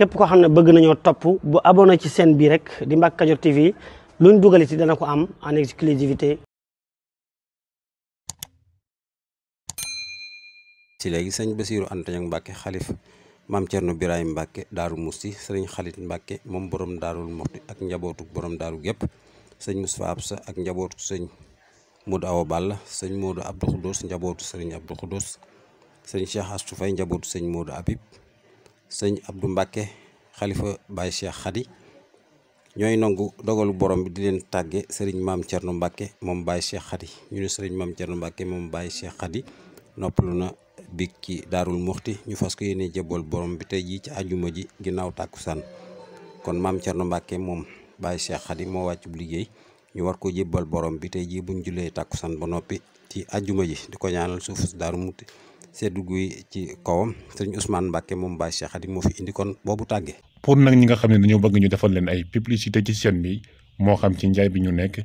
képp koo xam ne bëgg nañoo topp bu abonné ci seen bi rek di Mbacke Kadior TV luñ dugal ci dana ko am en exclusivité ci léegi sëñ Bassirou Anta Niang Mbacke xalif maam Thierno Birahim Mbacke Daaru Musti sëriñ Xalit Mbacke moom borom Daarul Musti ak njabootu borom Daaru gépp sëñ Moustapha Absa ak njabootu sëñ Modou Awa Balla sëñ Modou Abdou Khoudous njabootu sëriñ Abdou Khoudous sëñ Cheikh Astou Faye njabootu sëñ Modou Habib sëñ Abdou Mbacke xalifa Baye Cheikh Khady ñooy nangu dogalu borom bi di leen tàgge sëriñ maam nu Mbacke moom Baye Cheikh Khady ñu ne sëriñ maam Thierno Mbacke moom Baye Cheikh Khady noppalu na big ci daarul ñu fas ko yéene jëbool borom bi tey jii ci àjjuma ji ginnaaw tàkkusaan kon maam Thierno Mbacke moom Baye Cheikh Khady moo bu liggéey ñu war ko jébbal borom bi tey jii buñ jullee tàkkusaan ba noppi ci àjjuma ji di ko ñaanal suuf daaru muxti seddu guy ci kawam sëriñ usmaan Mbacke moom Baye Cheikh Xadim moo fi indi kon boobu tàggee. pour nag ñi nga xam ne dañoo bëgg ñu defal leen ay publicité ci seen bi moo xam ci njaay bi ñu nekk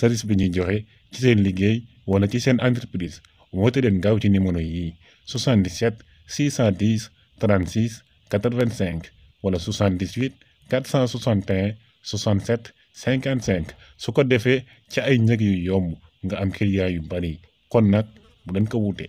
service bi ñuy joxe ci seen liggéey wala ci seen entreprise woote leen gaaw ci numéro yi 77 610 36 85 wala 78 461 67 55 su ko defee ci ay njëg yu yomb nga am client yu bari kon nag bu ko wuute.